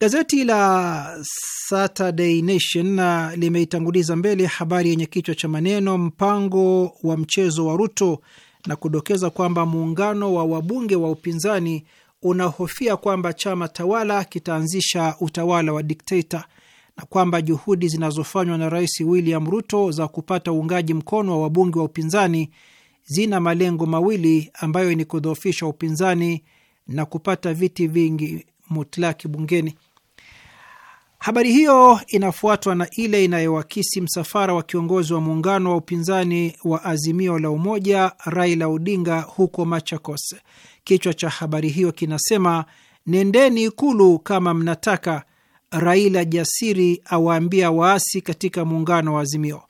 Gazeti la Saturday Nation limeitanguliza mbele habari yenye kichwa cha maneno mpango wa mchezo wa Ruto na kudokeza kwamba muungano wa wabunge wa upinzani unahofia kwamba chama tawala kitaanzisha utawala wa dikteta na kwamba juhudi zinazofanywa na Rais William Ruto za kupata uungaji mkono wa wabunge wa upinzani zina malengo mawili ambayo ni kudhoofisha upinzani na kupata viti vingi mutlaki bungeni. Habari hiyo inafuatwa na ile inayoakisi msafara wa kiongozi wa muungano wa upinzani wa Azimio la Umoja Raila Odinga huko Machakos. Kichwa cha habari hiyo kinasema nendeni Ikulu kama mnataka, Raila jasiri awaambia waasi katika muungano wa Azimio.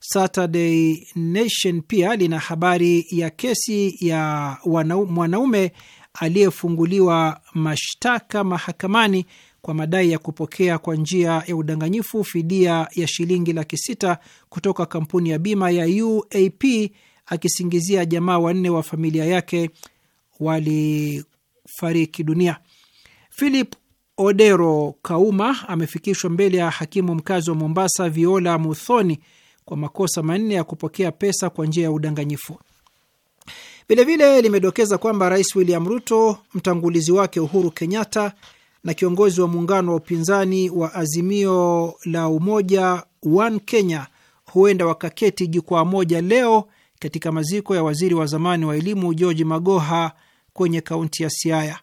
Saturday Nation pia lina habari ya kesi ya mwanaume aliyefunguliwa mashtaka mahakamani kwa madai ya kupokea kwa njia ya udanganyifu fidia ya shilingi laki sita kutoka kampuni ya bima ya UAP akisingizia jamaa wanne wa familia yake walifariki dunia. Philip Odero Kauma amefikishwa mbele ya hakimu mkazi wa Mombasa Viola Muthoni kwa makosa manne ya kupokea pesa kwa njia ya udanganyifu. Vilevile limedokeza kwamba Rais William Ruto, mtangulizi wake Uhuru Kenyatta na kiongozi wa muungano wa upinzani wa Azimio la Umoja One Kenya huenda wakaketi jukwaa moja leo katika maziko ya waziri wa zamani wa elimu George Magoha kwenye kaunti ya Siaya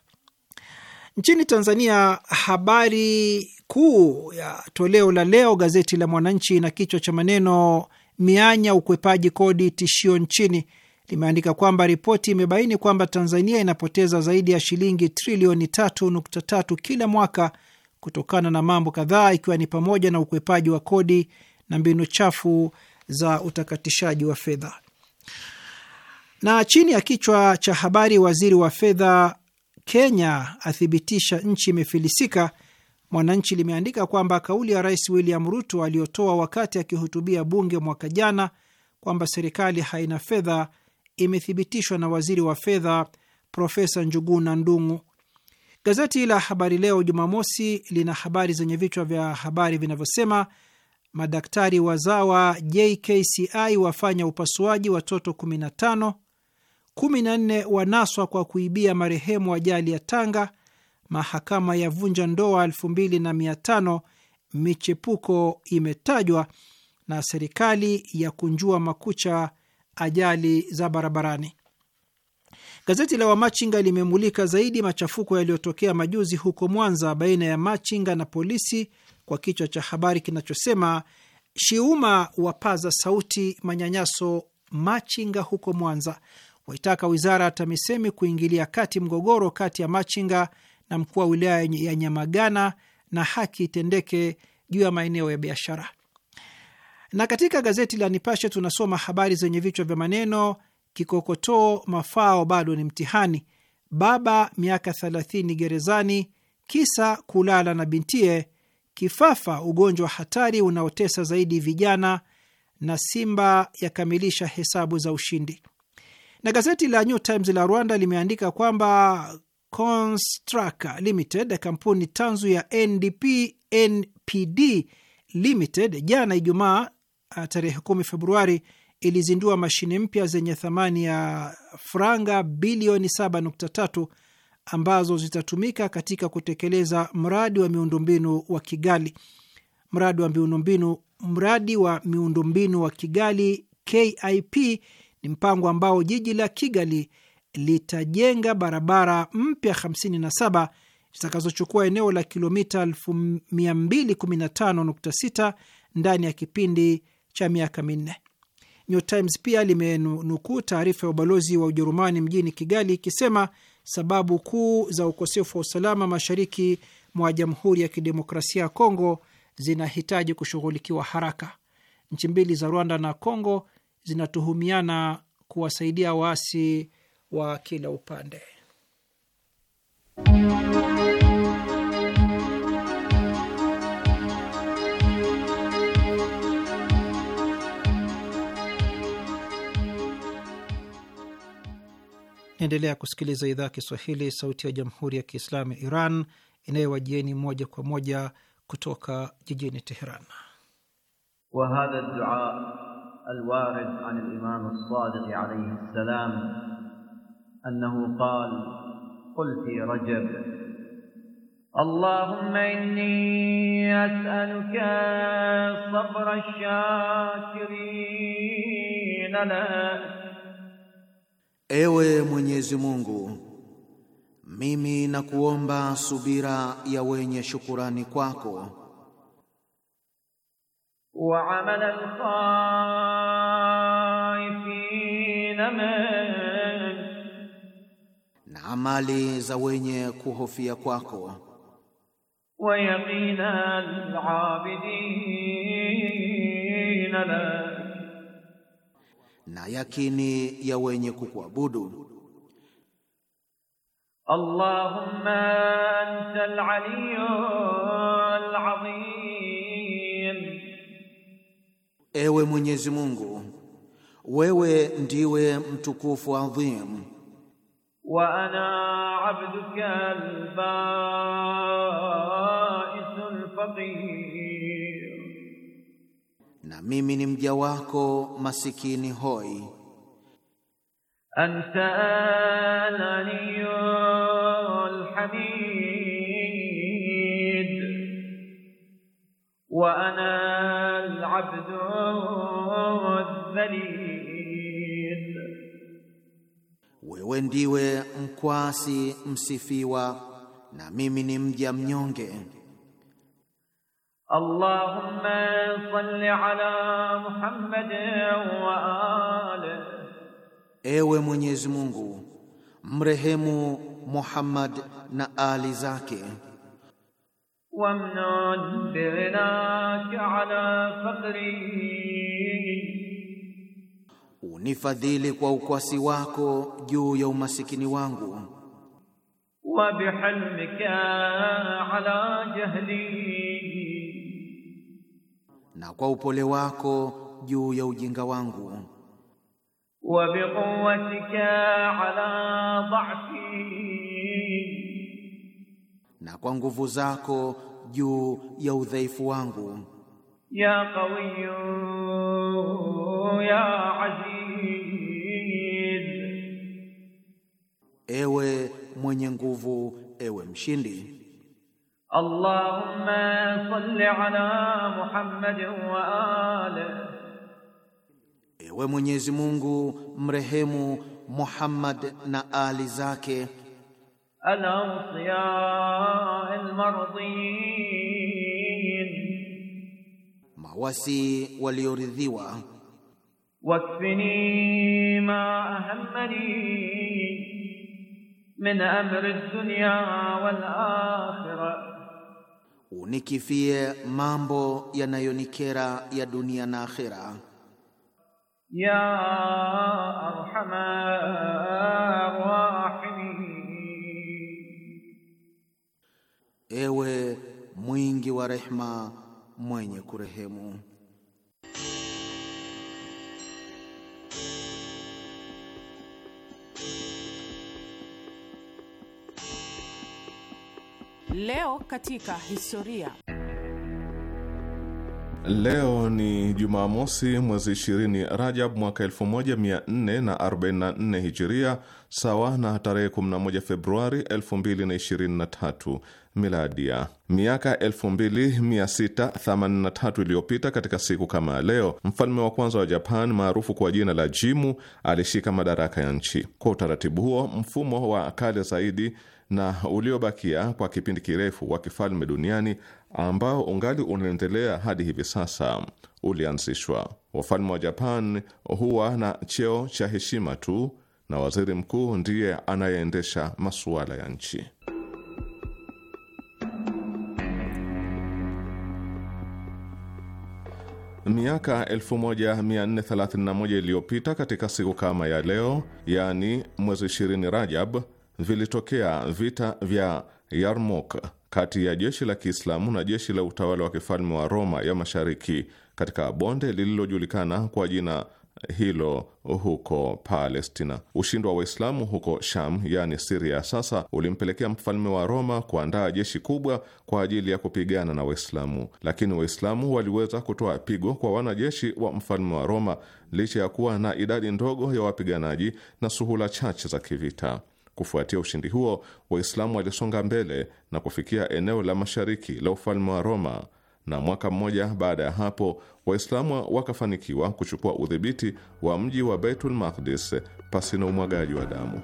nchini Tanzania. Habari kuu ya toleo la leo gazeti la Mwananchi na kichwa cha maneno mianya ukwepaji kodi tishio nchini limeandika kwamba ripoti imebaini kwamba Tanzania inapoteza zaidi ya shilingi trilioni 3.3 kila mwaka kutokana na mambo kadhaa, ikiwa ni pamoja na ukwepaji wa kodi na mbinu chafu za utakatishaji wa fedha. Na chini ya kichwa cha habari, waziri wa fedha Kenya athibitisha nchi imefilisika, Mwananchi limeandika kwamba kauli ya Rais William Ruto aliyotoa wakati akihutubia bunge mwaka jana kwamba serikali haina fedha imethibitishwa na waziri wa fedha Profesa Njuguna Ndung'u. Gazeti la Habari Leo Jumamosi lina habari zenye vichwa vya habari vinavyosema madaktari wazawa JKCI wafanya upasuaji watoto 15, 14 wanaswa kwa kuibia marehemu ajali ya Tanga, mahakama ya vunja ndoa 2500 michepuko imetajwa, na serikali ya kunjua makucha ajali za barabarani. Gazeti la Wamachinga limemulika zaidi machafuko yaliyotokea majuzi huko Mwanza baina ya machinga na polisi kwa kichwa cha habari kinachosema Shiuma wapaza sauti manyanyaso machinga huko Mwanza, waitaka wizara ya TAMISEMI kuingilia kati mgogoro kati ya machinga na mkuu wa wilaya ya Nyamagana na haki itendeke juu ya maeneo ya biashara. Na katika gazeti la Nipashe tunasoma habari zenye vichwa vya maneno: kikokotoo mafao bado ni mtihani, baba miaka 30 gerezani kisa kulala na bintie, kifafa ugonjwa hatari unaotesa zaidi vijana, na Simba yakamilisha hesabu za ushindi. Na gazeti la New Times la Rwanda limeandika kwamba Construca Limited, kampuni tanzu ya NDP NPD Limited, jana Ijumaa Uh, tarehe 10 Februari ilizindua mashine mpya zenye thamani ya franga bilioni 7.3 ambazo zitatumika katika kutekeleza mradi wa miundombinu wa Kigali mradi wa miundombinu mradi wa miundombinu wa Kigali KIP ni mpango ambao jiji la Kigali litajenga barabara mpya 57 zitakazochukua eneo la kilomita 215.6 ndani ya kipindi cha miaka minne. New Times pia limenukuu taarifa ya ubalozi wa Ujerumani mjini Kigali ikisema sababu kuu za ukosefu wa usalama mashariki mwa Jamhuri ya Kidemokrasia ya Kongo zinahitaji kushughulikiwa haraka. Nchi mbili za Rwanda na Kongo zinatuhumiana kuwasaidia waasi wa kila upande. Naendelea kusikiliza idhaa Kiswahili sauti ya jamhuri ya kiislamu ya Iran inayowajieni moja kwa moja kutoka jijini Teheran. wa hadha dua alwarid an al-imam as-sadiq alayhi as-salam annahu qala qul fi rajab allahumma inni as'aluka sabra ash-shakirin lana Ewe Mwenyezi Mungu, mimi nakuomba subira ya wenye shukurani kwako. wa amala khaifina na amali za wenye kuhofia kwako. wa yaqina al abidin na yakini ya wenye kukuabudu. Allahumma antal aliyyul azim, ewe Mwenyezi Mungu, wewe ndiwe mtukufu adhim. Wa ana abduka al-ba'isul faqir mimi ni mja wako masikini hoi. Anta al-aliyyul hamid wa ana al-abdu dhalil wewe ndiwe mkwasi msifiwa na mimi ni mja mnyonge. اللهم صل على محمد وآله Ewe Mwenyezi Mungu, mrehemu Muhammad na ali zake. Wamnun binaka ala faqri, unifadhili kwa ukwasi wako juu ya umasikini wangu. Wa bihalmika ala jahli na kwa upole wako juu ya ujinga wangu. wa quwwatika ala dha'fi, na kwa nguvu zako juu ya udhaifu wangu. ya qawiyyu ya aziz, ewe mwenye nguvu, ewe mshindi. اللهم صل على محمد وآله Ewe Mwenyezi Mungu mrehemu Muhammad na ali zake الأوصياء المرضين mawasi walioridhiwa واكفني ما أهمني من أمر الدنيا والآخرة unikifie mambo yanayonikera ya dunia na akhira Ya arhamar rahimin, ewe mwingi wa rehma mwenye kurehemu. Leo katika historia. Leo ni Jumamosi, mwezi 20 Rajab mwaka 1444 Hijiria, sawa na tarehe 11 Februari 2023 miladia. Miaka 2683 iliyopita katika siku kama ya leo, mfalme wa kwanza wa Japan maarufu kwa jina la Jimu alishika madaraka ya nchi. Kwa utaratibu huo, mfumo wa kale zaidi na uliobakia kwa kipindi kirefu wa kifalme duniani ambao ungali unaendelea hadi hivi sasa ulianzishwa. Wafalme wa Japan huwa na cheo cha heshima tu na waziri mkuu ndiye anayeendesha masuala ya nchi. Miaka 1431 iliyopita katika siku kama ya leo, yaani mwezi 20 Rajab vilitokea vita vya Yarmouk kati ya jeshi la Kiislamu na jeshi la utawala wa kifalme wa Roma ya Mashariki katika bonde lililojulikana kwa jina hilo huko Palestina. Ushindi wa Waislamu huko Sham, yani Siria sasa, ulimpelekea mfalme wa Roma kuandaa jeshi kubwa kwa ajili ya kupigana na Waislamu, lakini Waislamu waliweza kutoa pigo kwa wanajeshi wa mfalme wa Roma licha ya kuwa na idadi ndogo ya wapiganaji na suhula chache za kivita. Kufuatia ushindi huo, Waislamu walisonga mbele na kufikia eneo la mashariki la ufalme wa Roma, na mwaka mmoja baada ya hapo Waislamu wakafanikiwa kuchukua udhibiti wa mji wa Baitul Maqdis pasina umwagaji wa damu.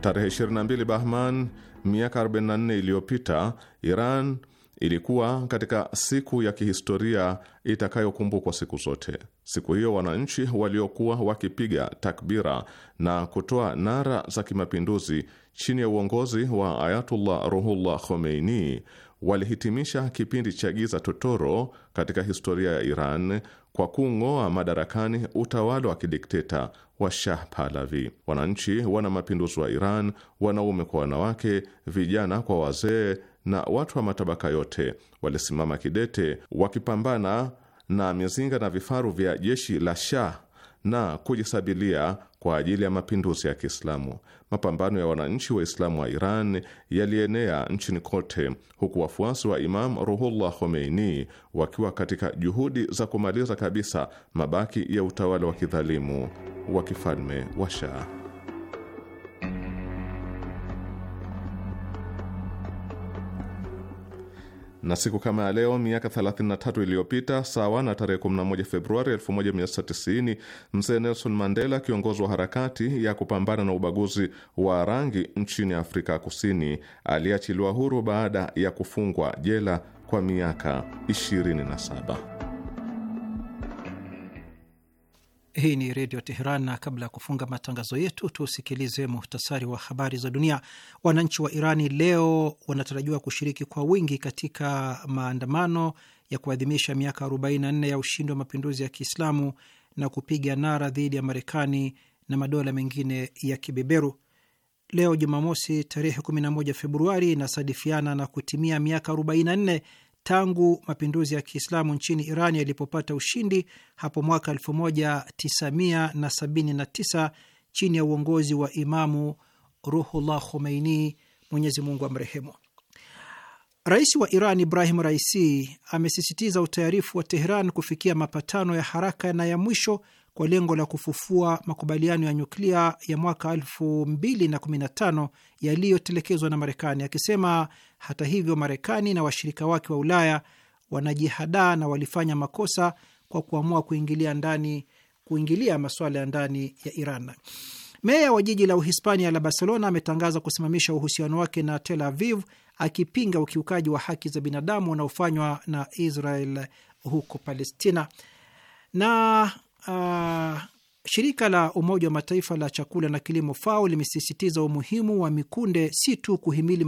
Tarehe 22 Bahman miaka 44 iliyopita Iran ilikuwa katika siku ya kihistoria itakayokumbukwa siku zote. Siku hiyo wananchi waliokuwa wakipiga takbira na kutoa nara za kimapinduzi chini ya uongozi wa Ayatullah Ruhullah Khomeini walihitimisha kipindi cha giza totoro katika historia ya Iran kwa kung'oa madarakani utawala wa kidikteta wa Shah Pahlavi. Wananchi wana mapinduzi wa Iran, wanaume kwa wanawake, vijana kwa wazee na watu wa matabaka yote walisimama kidete wakipambana na mizinga na vifaru vya jeshi la Shah na kujisabilia kwa ajili ya mapinduzi ya Kiislamu. Mapambano ya wananchi Waislamu wa Iran yalienea nchini kote, huku wafuasi wa Imam Ruhullah Khomeini wakiwa katika juhudi za kumaliza kabisa mabaki ya utawala wa kidhalimu wa kifalme wa Shah. na siku kama ya leo miaka 33 iliyopita, sawa na tarehe 11 Februari 1990, mzee Nelson Mandela, kiongozi wa harakati ya kupambana na ubaguzi wa rangi nchini Afrika Kusini, aliachiliwa huru baada ya kufungwa jela kwa miaka 27. Hii ni Redio Teheran, na kabla ya kufunga matangazo yetu tusikilize muhtasari wa habari za dunia. Wananchi wa Irani leo wanatarajiwa kushiriki kwa wingi katika maandamano ya kuadhimisha miaka 44 ya ushindi wa mapinduzi ya Kiislamu na kupiga nara dhidi ya Marekani na madola mengine ya kibeberu. Leo Jumamosi tarehe 11 Februari inasadifiana na kutimia miaka 44 tangu mapinduzi ya Kiislamu nchini Iran yalipopata ushindi hapo mwaka 1979 chini ya uongozi wa Imamu Ruhullah Khomeini, Mwenyezi Mungu amrehemu. Rais wa Iran Ibrahim Raisi amesisitiza utayarifu wa Teheran kufikia mapatano ya haraka na ya mwisho kwa lengo la kufufua makubaliano ya nyuklia ya mwaka 2015 yaliyotelekezwa na Marekani, akisema hata hivyo, Marekani na washirika wake wa Ulaya wanajihadaa na walifanya makosa kwa kuamua kuingilia ndani kuingilia masuala ya ndani ya Iran. Meya wa jiji la Uhispania la Barcelona ametangaza kusimamisha uhusiano wake na Tel Aviv akipinga ukiukaji wa haki za binadamu unaofanywa na Israel huko Palestina. Na uh, shirika la Umoja wa Mataifa la chakula na kilimo FAO limesisitiza umuhimu wa mikunde si tu kuhimili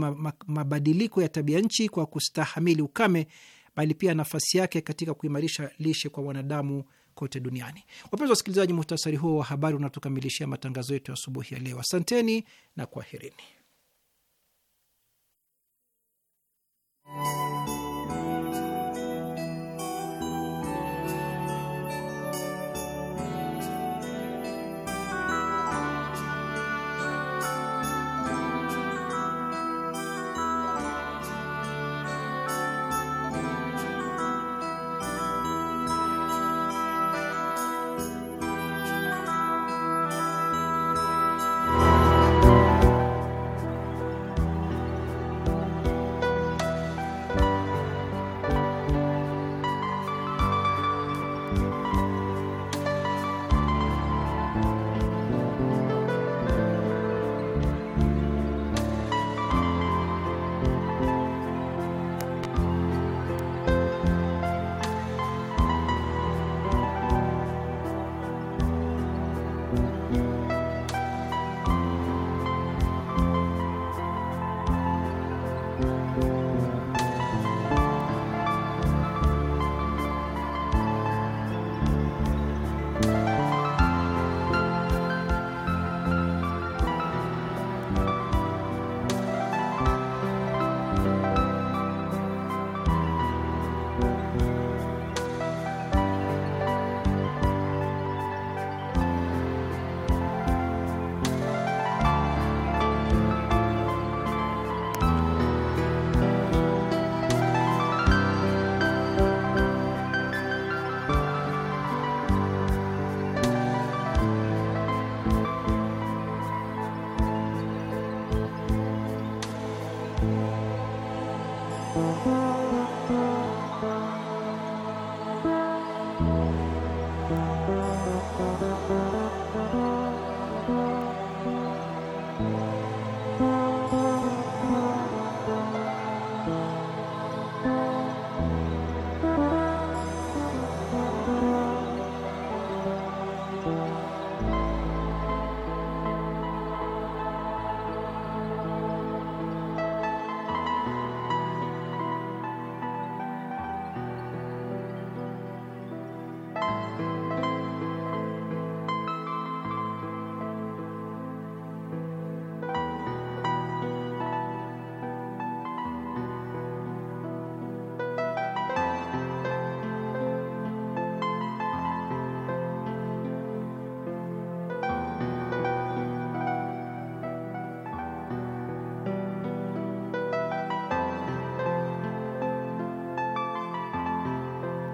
mabadiliko ya tabia nchi kwa kustahamili ukame, bali pia nafasi yake katika kuimarisha lishe kwa wanadamu kote duniani. Wapenzi wasikilizaji, muhtasari huo wa habari unatukamilishia matangazo yetu asubuhi ya leo. Asanteni na kwaherini.